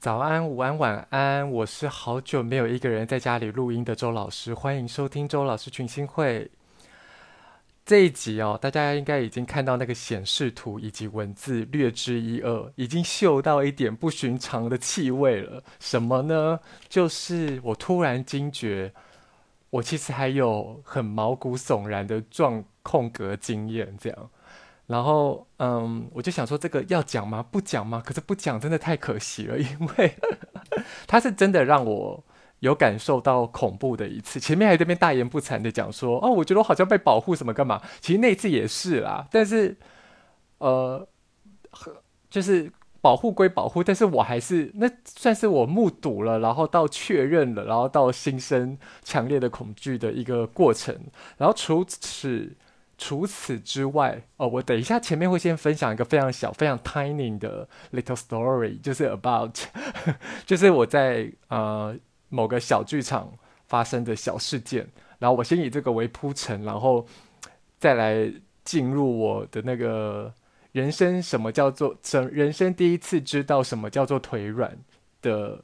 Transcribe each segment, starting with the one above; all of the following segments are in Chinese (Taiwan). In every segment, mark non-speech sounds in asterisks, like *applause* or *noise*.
早安，午安，晚安。我是好久沒有一個人在家裡錄音的周老師，歡迎收聽周老師群星會。這一集哦，大家應該已經看到那個顯示圖以及文字，略知一二，已經嗅到一點不尋常的氣味了。什麼呢？就是我突然驚覺，我其實還有很毛骨悚然的狀空格經驗，這樣。然後，嗯，我就想說，這個要講嗎？不講嗎？可是不講真的太可惜了，因為他是真的讓我有感受到恐怖的一次。前面還在那邊大言不慚的講說，哦，我覺得我好像被保護什麼幹嘛？其實那次也是啦，但是，呃，就是保護歸保護，但是我還是那算是我目睹了，然後到確認了，然後到心生強烈的恐懼的一個過程。然後除此。除此之外，哦，我等一下前面會先分享一個非常小、非常 tiny 的 little story，就是 about，就是我在呃某個小劇場發生的小事件。然後我先以這個為鋪陳，然後再來進入我的那個人生，什麼叫做人生第一次知道什麼叫做腿軟的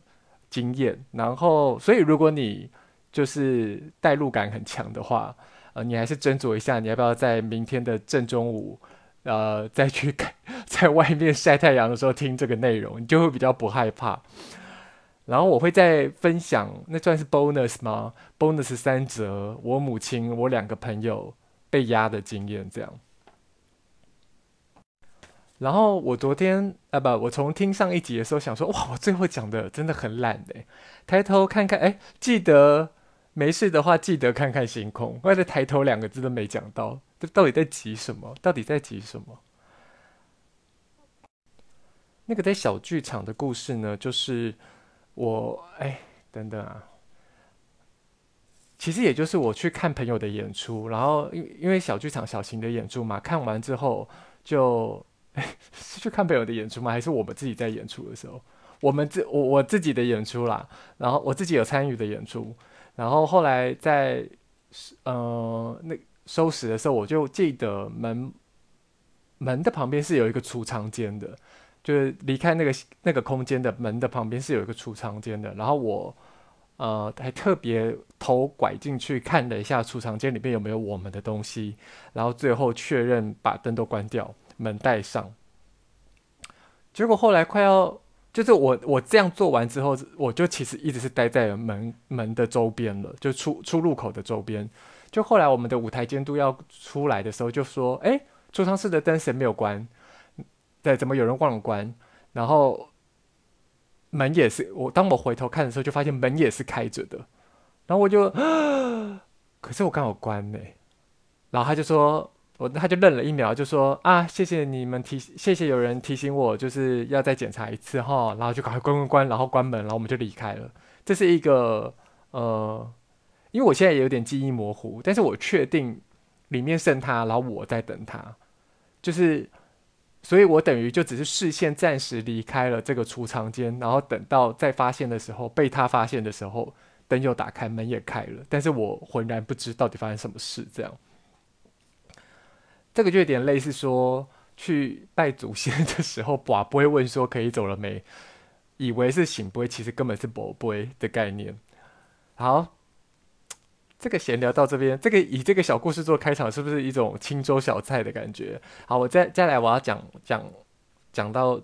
經驗。然後，所以如果你就是代入感很強的話。呃，你還是斟酌一下，你要不要在明天的正中午，呃，再去看在外面曬太陽的時候聽這個內容，你就會比較不害怕。然後我會再分享，那算是 bonus 嗎？bonus 三則，我母親、我兩個朋友被壓的經驗這樣。然後我昨天啊，不，我從聽上一集的時候想說，哇，我最後講的真的很爛的、欸。抬頭看看，哎、欸，記得。沒事的話，記得看看星空。我在抬頭兩個字都沒講到，這到底在急什麼？到底在急什麼？那個在小劇場的故事呢？就是我哎，等等啊，其實也就是我去看朋友的演出，然後因因為小劇場小型的演出嘛，看完之後就、哎、是去看朋友的演出嗎？還是我們自己在演出的時候，我們自我我自己的演出啦，然後我自己有參與的演出。然後後來在，呃，那收拾的時候，我就記得門，門的旁邊是有一個儲藏間的，就是離開那個那個空間的門的旁邊是有一個儲藏間的。然後我，呃，還特別頭拐進去看了一下儲藏間裡面有沒有我們的東西，然後最後確認把燈都關掉，門帶上。結果後來快要。就是我，我這樣做完之後，我就其實一直是待在門門的周邊了，就出出入口的周邊。就後來我們的舞台監督要出來的時候，就說：“哎、欸，儲藏室的燈誰沒有關？對，怎麼有人忘了關？”然後門也是我，當我回頭看的時候，就發現門也是開着的。然後我就，可是我剛好關呢、欸。然後他就說。我他就愣了一秒，就說啊，謝謝你們提，謝謝有人提醒我，就是要再檢查一次哈，然後就趕快關關關，然後關門，然後我們就離開了。這是一個呃，因為我現在也有點記憶模糊，但是我確定裡面剩他，然後我在等他，就是，所以我等於就只是視線暫時離開了這個儲藏間，然後等到再發現的時候，被他發現的時候，燈又打開，門也開了，但是我渾然不知到底發生什麼事這樣。這個就有點類似說去拜祖先的時候，跋杯問說可以走了沒，以為是聖杯，其實根本是沒杯的概念。好，這個閒聊到這邊，這個以這個小故事做開場，是不是一種清粥小菜的感覺？好，我再再來，我要講講講到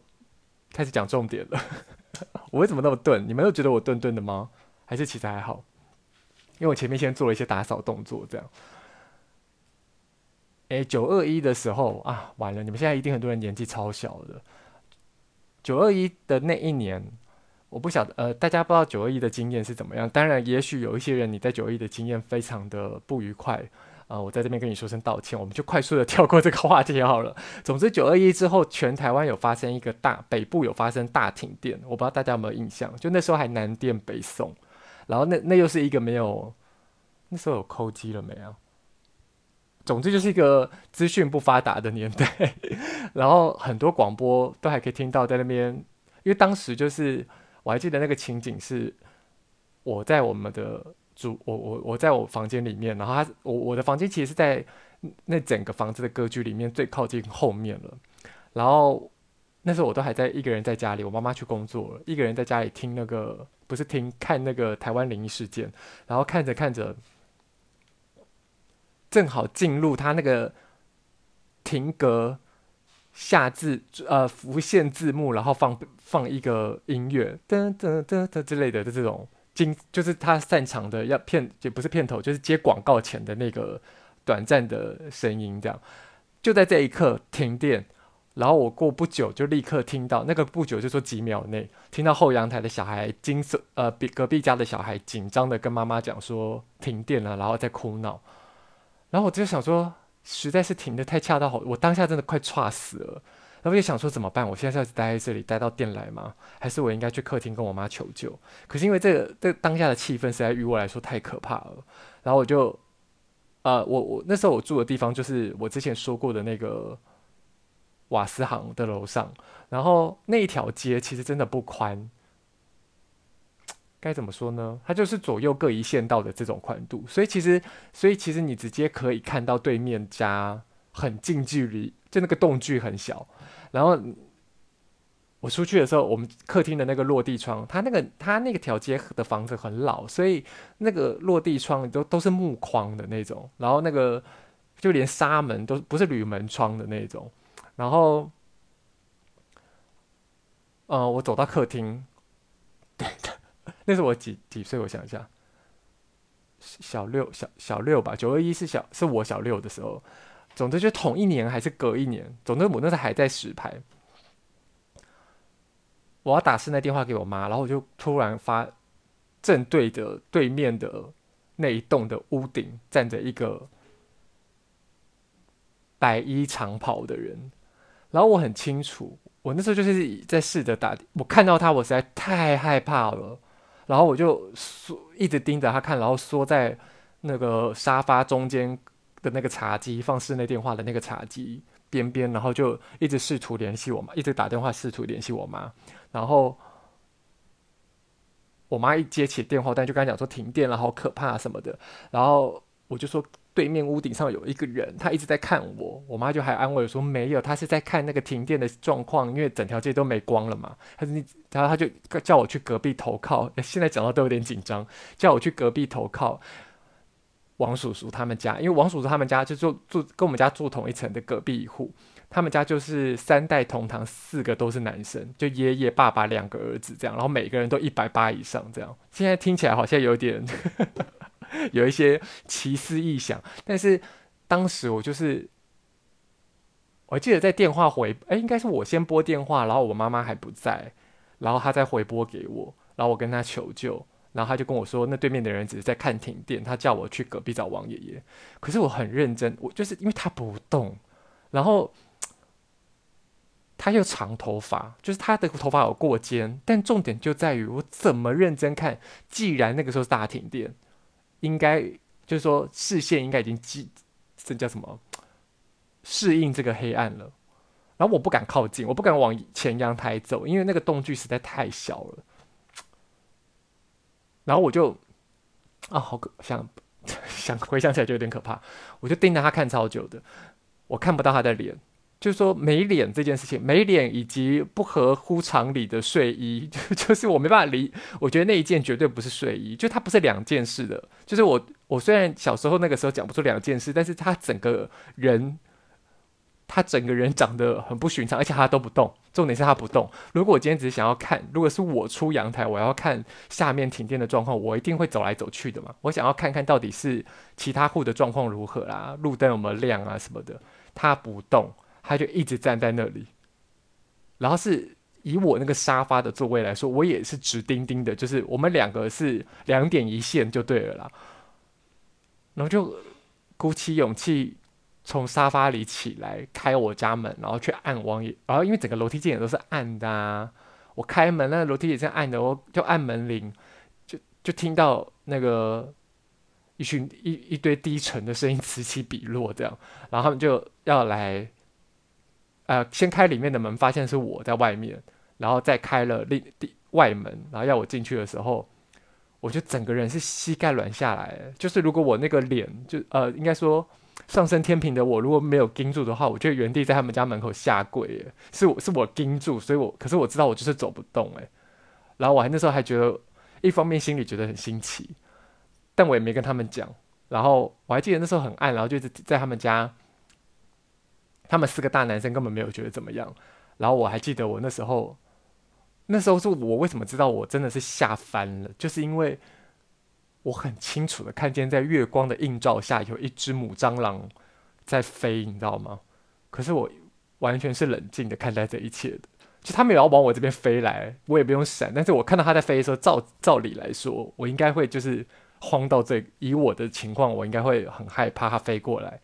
開始講重點了。 *laughs* 我為什麼那麼鈍？你們都覺得我鈍鈍的嗎？還是其實還好？因為我前面先做了一些打掃動作，這樣。誒，九二一的時候啊，完了！你們現在一定很多人年紀超小的。九二一的那一年，我不曉得，呃，大家不知道九二一的經驗是怎麼樣。當然，也許有一些人你在九二一的經驗非常的不愉快啊、呃。我在這邊跟你說聲道歉，我們就快速的跳過這個話題好了。總之，九二一之後，全台灣有發生一個大，北部有發生大停電，我不知道大家有沒有印象？就那時候還南電北送，然後那那又是一個沒有，那時候有扣機了沒有、啊？總之就是一個資訊不發達的年代，然後很多廣播都還可以聽到，在那邊，因為當時就是我還記得那個情景是我在我們的主我我我在我房間裡面，然後他我我的房間其實是在那整個房子的格局裡面最靠近後面了，然後那時候我都還在一個人在家裡，我媽媽去工作了，一個人在家裡聽那個不是聽看那個台灣靈異事件，然後看着看着。正好進入他那個停格，下字呃浮現字幕，然後放放一個音樂，噔噔噔噔之類的這種，精就是他擅長的要片也不是片頭，就是接廣告前的那個短暫的聲音，這樣就在這一刻停電，然後我過不久就立刻聽到那個不久就說幾秒內聽到後陽台的小孩金色呃比隔壁家的小孩緊張的跟媽媽講說停電了，然後在哭鬧。然後我就想說，實在是停得太恰到好，我當下真的快岔死了。然後我就想說怎麼辦？我現在是要待在這裡待到電來嗎？還是我應該去客廳跟我媽求救？可是因為這個這個、當下的氣氛實在對我來說太可怕了。然後我就，呃，我我那時候我住的地方就是我之前說過的那個瓦斯行的樓上，然後那一條街其實真的不寬。該怎麼說呢？它就是左右各一線道的這種寬度，所以其實，所以其實你直接可以看到對面家很近距離，就那個棟距很小。然後我出去的時候，我們客廳的那個落地窗，它那個它那個條街的房子很老，所以那個落地窗都都是木框的那種，然後那個就連紗門都不是鋁門窗的那種。然後，呃，我走到客廳，對。那是我幾幾歲？我想一下，小六、小、小六吧。九二一是小是我小六的時候，總之就同一年還是隔一年。總之我那時候還在石牌。我要打室內電話給我媽，然後我就突然發正對着對面的那一棟的屋頂站着一個白衣長袍的人，然後我很清楚，我那時候就是在試着打，我看到他，我實在太害怕了。然後我就縮，一直盯着他看，然後縮在那個沙發中間的那個茶幾，放室內電話的那個茶几邊邊，然後就一直試圖聯繫我媽，一直打電話試圖聯繫我媽，然後我媽一接起電話，但就跟他講說停電了，好可怕什麼的，然後我就說。對面屋頂上有一個人，他一直在看我。我媽就還安慰說：“沒有，他是在看那個停電的狀況，因為整條街都沒光了嘛。”他然後他就叫我去隔壁投靠。現在講到都有點緊張，叫我去隔壁投靠王叔叔他們家，因為王叔叔他們家就住住跟我們家住同一層的隔壁一戶，他們家就是三代同堂，四個都是男生，就爺爺、爸爸、兩個兒子這樣，然後每個人都一百八以上這樣。現在聽起來好像有點。 *laughs* *laughs* 有一些奇思異想，但是當時我就是，我記得在電話回，哎、欸，應該是我先撥電話，然後我媽媽還不在，然後她再回撥給我，然後我跟她求救，然後她就跟我說，那對面的人只是在看停電，她叫我去隔壁找王爺爺，可是我很認真，我就是因為他不動，然後他又長頭髮，就是他的頭髮有過肩，但重點就在於我怎麼認真看，既然那個時候是大停電。應該就是說，視線應該已經積這叫什麼適應這個黑暗了。然後我不敢靠近，我不敢往前陽台走，因為那個洞距實在太小了。然後我就啊，好可想想回想起來就有點可怕。我就盯着他看超久的，我看不到他的臉。就是說沒臉這件事情，沒臉以及不合乎常理的睡衣，就就是我沒辦法理。我覺得那一件絕對不是睡衣，就它不是兩件事的。就是我我雖然小時候那個時候講不出兩件事，但是他整個人，他整個人長得很不尋常，而且他都不動。重點是他不動。如果我今天只是想要看，如果是我出陽台，我要看下面停電的狀況，我一定會走來走去的嘛。我想要看看到底是其他戶的狀況如何啦，路燈有沒有亮啊什麼的。他不動。他就一直站在那裡，然後是以我那個沙發的座位來說，我也是直盯盯的，就是我們兩個是兩點一線就對了啦。然後就鼓起勇氣從沙發裡起來，開我家門，然後去按網頁，然後因為整個樓梯間也都是暗的啊，我開門那個、樓梯也是暗的，我就按門鈴，就就聽到那個一群一一堆低沉的聲音此起彼落這樣，然後他們就要來。呃，先開裡面的門，發現是我在外面，然後再開了另外門，然後要我進去的時候，我就整個人是膝蓋軟下來。就是如果我那個臉就呃，應該說上升天秤的我如果沒有盯住的話，我就原地在他們家門口下跪。是我是我盯住，所以我可是我知道我就是走不動誒。然後我還那時候還覺得一方面心裡覺得很新奇，但我也沒跟他們講。然後我還記得那時候很暗，然後就是在他們家。他們四個大男生根本沒有覺得怎麼樣，然後我還記得我那時候，那時候是我為什麼知道我真的是嚇翻了，就是因為我很清楚的看見在月光的映照下有一隻母蟑螂在飛，你知道嗎？可是我完全是冷靜的看待這一切的，就他們也要往我這邊飛來，我也不用閃，但是我看到他在飛的時候，照照理來說，我應該會就是慌到這個。以我的情況，我應該會很害怕它飛過來。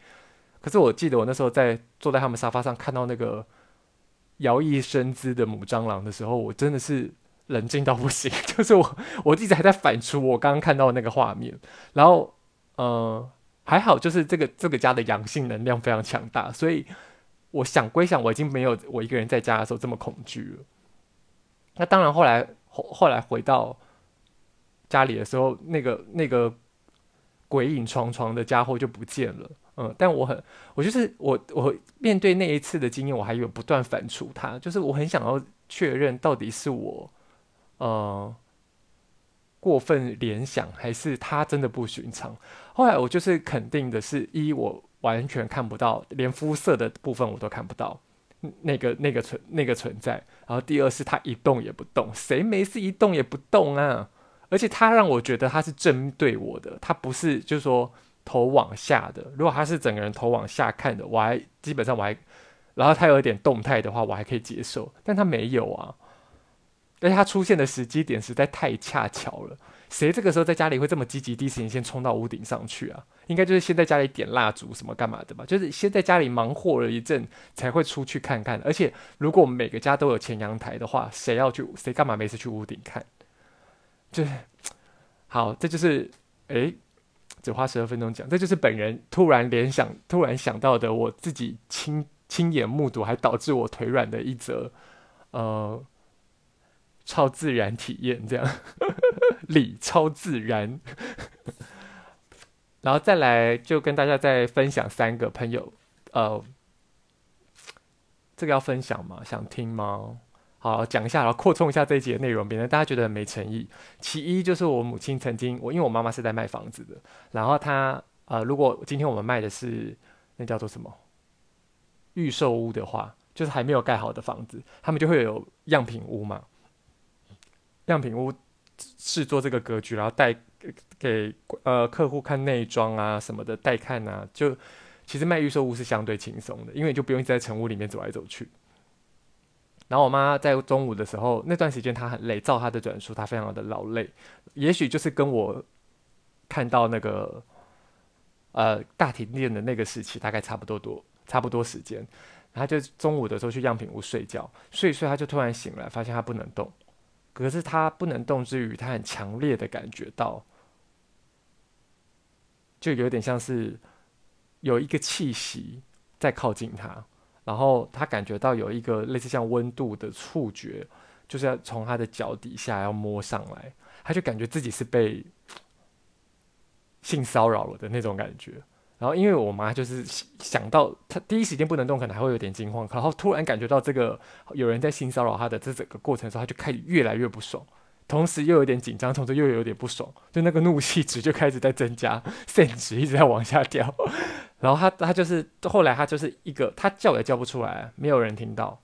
可是我記得我那時候在坐在他們沙發上看到那個搖曳生姿的母蟑螂的時候，我真的是冷靜到不行。就是我，我一直還在反芻我剛剛看到的那個畫面。然後，嗯，還好，就是這個這個家的陽性能量非常強大，所以我想歸想，我已經沒有我一個人在家的時候這麼恐懼了。那當然後，後來後來回到家裡的時候，那個那個鬼影幢幢的傢伙就不見了。嗯，但我很，我就是我，我面對那一次的經驗，我還有不斷反芻他，就是我很想要確認到底是我，呃，過分聯想，還是他真的不尋常。後來我就是肯定的是，是一我完全看不到，連膚色的部分我都看不到，那個那個存那個存在。然後第二是他一動也不動，誰沒事一動也不動啊？而且他讓我覺得他是針對我的，他不是就是說。頭往下的，如果他是整個人頭往下看的，我還基本上我還，然後他有一點動態的話，我還可以接受，但他沒有啊，而且他出現的時機點實在太恰巧了。誰這個時候在家裡會這麼積極第一時間先衝到屋頂上去啊？應該就是先在家裡點蠟燭什麼幹嘛的吧？就是先在家裡忙活了一陣才會出去看看。而且如果每個家都有前陽台的話，誰要去誰幹嘛沒事去屋頂看？就是，好，這就是誒。只花十二分鐘講，這就是本人突然聯想、突然想到的，我自己親親眼目睹還導致我腿軟的一則呃超自然體驗，這樣 *laughs* 裏超自然。 *laughs* 然後再來就跟大家再分享三個朋友，呃，這個要分享嗎？想聽嗎？好，講一下，然後擴充一下這一集的內容，免得大家覺得很沒誠意。其一就是我母親曾經，我因為我媽媽是在賣房子的，然後她呃，如果今天我們賣的是那叫做什麼預售屋的話，就是還沒有蓋好的房子，他們就會有樣品屋嘛。樣品屋是做這個格局，然後帶給呃客戶看內裝啊什麼的，帶看啊，就其實賣預售屋是相對輕鬆的，因為就不用一直在成屋裡面走來走去。然後我媽在中午的時候，那段時間她很累，照她的轉述，她非常的勞累。也許就是跟我看到那個呃大停電的那個時期大概差不多多，差不多時間。然後她就中午的時候去樣品屋睡覺，睡一睡，她就突然醒來，發現她不能動。可是她不能動之餘，她很強烈的感覺到，就有點像是有一個氣息在靠近她。然後他感覺到有一個類似像溫度的觸覺，就是要從他的腳底下要摸上來，他就感覺自己是被性騷擾了的那種感覺。然後因為我媽就是想到他第一時間不能動，可能還會有點驚慌，然後突然感覺到這個有人在性騷擾他的這整個過程的時候，他就開始越來越不爽，同時又有點緊張，同時又有點不爽，就那個怒氣值就開始在增加，甚至一直在往下掉。然後他他就是後來他就是一個他叫也叫不出來，沒有人聽到。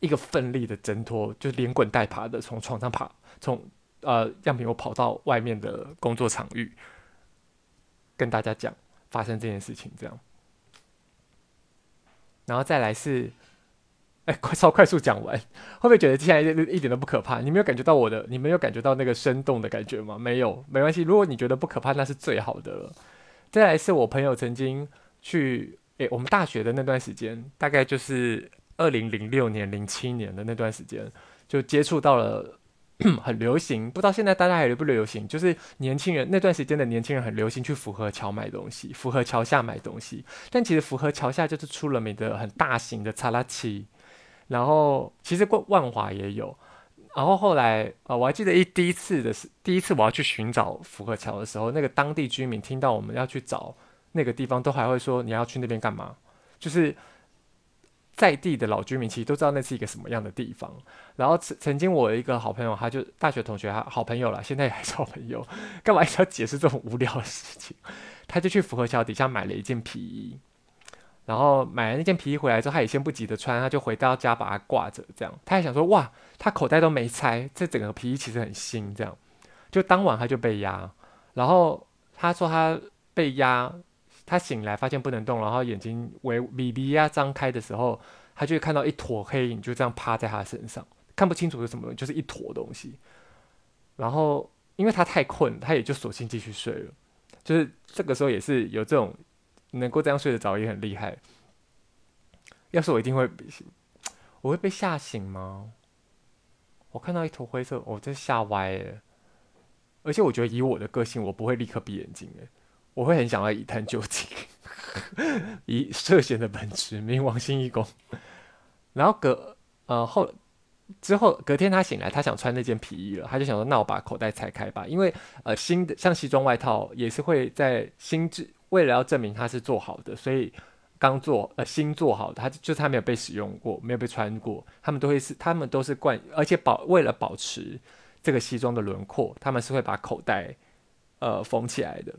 一個奮力的掙脫，就連滾帶爬的從床上爬，從呃樣品我跑到外面的工作場域，跟大家講發生這件事情這樣。然後再來是，哎，快超快速講完，會不會覺得接下來一點都不可怕？你沒有感覺到我的，你沒有感覺到那個生動的感覺嗎？沒有，沒關係。如果你覺得不可怕，那是最好的了。再來是我朋友曾經去誒、欸，我們大學的那段時間，大概就是二零零六年、零七年的那段時間，就接觸到了很流行，不知道現在大家還流不流行。就是年輕人那段時間的年輕人很流行去福和橋買東西，福和橋下買東西。但其實福和橋下就是出了名的很大型的查拉奇，然後其實過萬華也有。然後後來啊、呃，我還記得一第一次的是第一次我要去尋找福和橋的時候，那個當地居民聽到我們要去找那個地方，都還會說，你要去那邊幹嘛？就是在地的老居民其實都知道那是一個什麼樣的地方。然後曾曾經我一個好朋友，他就大學同學，他好朋友了，現在也還是好朋友。幹嘛要解釋這種無聊的事情？他就去福和橋底下買了一件皮衣。然後買了那件皮衣回來之後，他也先不急着穿，他就回到家把它掛着，這樣他還想說哇，他口袋都沒拆，這整個皮衣其實很新。這樣，就當晚他就被壓，然後他說他被壓，他醒來發現不能動，然後眼睛微微微壓、啊、張開的時候，他就會看到一坨黑影就這樣趴在他身上，看不清楚是什麼，就是一坨東西。然後因為他太困，他也就索性繼續睡了。就是這個時候也是有這種。能夠這樣睡得着也很厲害。要是我一定會，我會被嚇醒嗎？我看到一坨灰色，我真嚇歪了。而且我覺得以我的個性，我不會立刻閉眼睛的，我會很想要一探究竟。 *laughs* 以涉嫌的本質，冥王星一宮，然後隔呃後之後隔天他醒來，他想穿那件皮衣了，他就想說：“那我把口袋拆開吧，因為呃新的像西裝外套也是會在新制。”為了要證明他是做好的，所以剛做呃新做好的，他就是他沒有被使用過，沒有被穿過，他們都會是他們都是慣，而且保為了保持這個西裝的輪廓，他們是會把口袋呃縫起來的。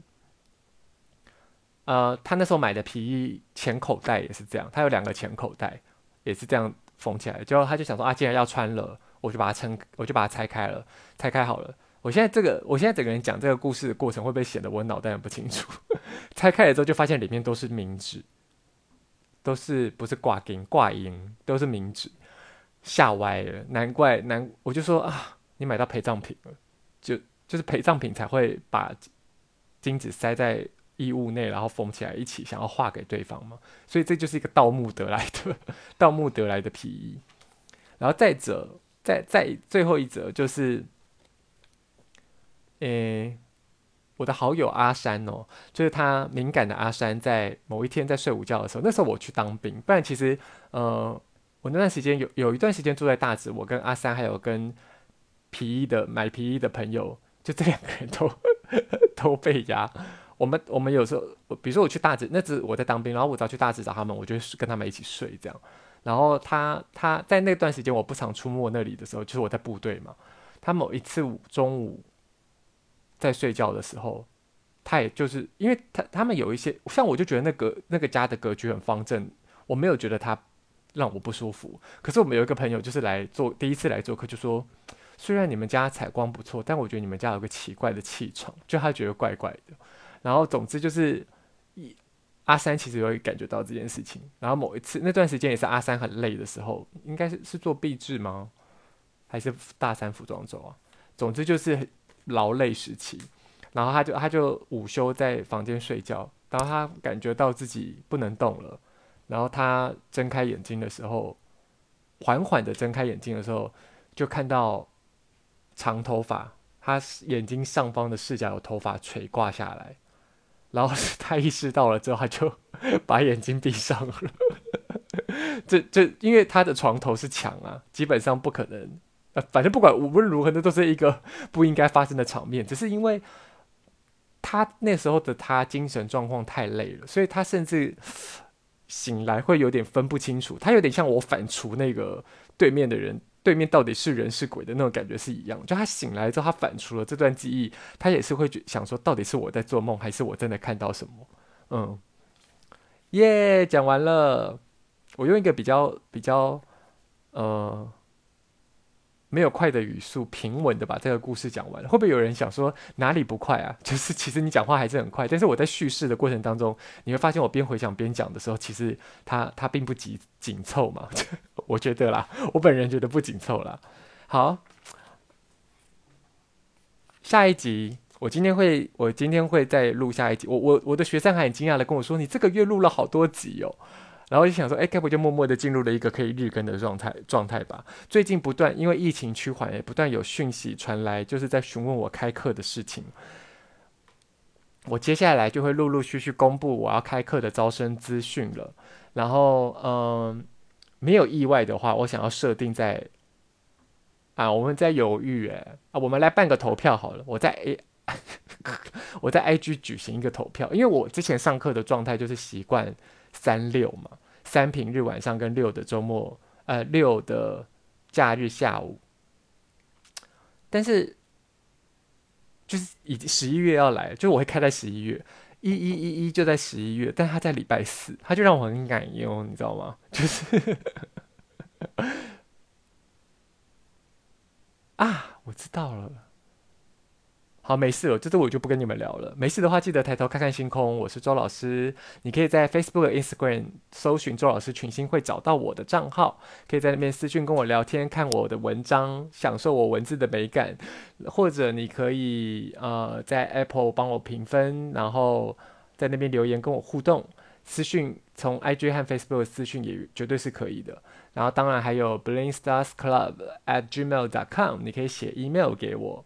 呃，他那時候買的皮衣前口袋也是這樣，他有兩個前口袋，也是這樣縫起來。結果他就想說啊，既然要穿了，我就把它撐，我就把它拆開了，拆開好了。我現在這個，我現在整個人講這個故事的過程，會不會顯得我腦袋也不清楚？拆開了之後，就發現裡面都是冥紙，都是不是掛金掛銀，都是冥紙，嚇歪了。難怪難，我就說啊，你買到陪葬品了，就就是陪葬品才會把金子塞在衣物內，然後縫起來一起，想要化給對方嘛。所以這就是一個盜墓得來的，盜墓得來的皮衣。然後再者，再再最後一則就是，誒、欸。我的好友阿山哦，就是他敏感的阿山，在某一天在睡午覺的時候，那時候我去當兵，不然其實，呃，我那段時間有有一段時間住在大直，我跟阿山還有跟皮衣的買皮衣的朋友，就這兩個人都呵呵都被壓。我們我們有時候，比如說我去大直，那次我在當兵，然後我只要去大直找他們，我就跟他們一起睡這樣。然後他他在那段時間我不常出沒那裡的時候，就是我在部隊嘛。他某一次午中午。在睡覺的時候，他也就是，因為他他們有一些像我就覺得那個那個家的格局很方正，我沒有覺得他讓我不舒服。可是我們有一個朋友就是來做第一次來做客，就說，雖然你們家採光不錯，但我覺得你們家有個奇怪的氣場，就他覺得怪怪的。然後總之就是，阿三其實有感覺到這件事情。然後某一次那段時間也是阿三很累的時候，應該是是做畢製嗎？還是大三服裝周啊？總之就是。勞累時期，然後他就他就午休在房間睡覺，然後他感覺到自己不能動了，然後他睜開眼睛的時候，緩緩的睜開眼睛的時候，就看到長頭髮，他眼睛上方的視角有頭髮垂掛下來，然後他意識到了之後，他就把眼睛閉上了，這 *laughs* 這因為他的床頭是牆啊，基本上不可能。反正不管無論如何，那都是一個不應該發生的場面。只是因為他那時候的他精神狀況太累了，所以他甚至醒來會有點分不清楚。他有點像我反芻那個對面的人，對面到底是人是鬼的那種感覺是一樣的。就他醒來之後，他反芻了這段記憶，他也是會想說，到底是我在做夢，還是我真的看到什麼？嗯，耶，講完了。我用一個比較比較，呃、嗯。沒有快的語速，平穩的把這個故事講完，會不會有人想說哪裡不快啊？就是其實你講話還是很快，但是我在敘事的過程當中，你會發現我邊回想邊講的時候，其實它它並不緊緊湊嘛，嗯、 *laughs* 我覺得啦，我本人覺得不緊湊啦。好，下一集我今天會，我今天會再錄下一集。我我我的學生還很驚訝的跟我說，你這個月錄了好多集哦。然後就想說，哎，該不會就默默地進入了一個可以日更的狀態狀態吧？最近不斷因為疫情趨緩，也不斷有訊息傳來，就是在詢問我開課的事情。我接下來就會陸陸續續公布我要開課的招生資訊了。然後，嗯、呃，沒有意外的話，我想要設定在……啊，我們在猶豫、欸，啊，我們來辦個投票好了。我在 A，、哎、 *laughs* 我在 IG 舉行一個投票，因為我之前上課的狀態就是習慣。三六嘛，三平日晚上跟六的周末，呃，六的假日下午。但是，就是已經十一月要來，就我會開在十一月，一一一一就在十一月，但他在禮拜四，他就讓我很感應哦，你知道嗎？就是， *laughs* 啊，我知道了。好，沒事了，這周我就不跟你們聊了。沒事的話，記得抬頭看看星空。我是周老師，你可以在 Facebook、Instagram 搜尋“周老師群星”，會找到我的賬號。可以在那邊私訊跟我聊天，看我的文章，享受我文字的美感。或者你可以呃在 Apple 幫我評分，然後在那邊留言跟我互動。私訊從 IG 和 Facebook 私訊也絕對是可以的。然後當然還有 Bling Stars Club at gmail.com，你可以寫 email 給我。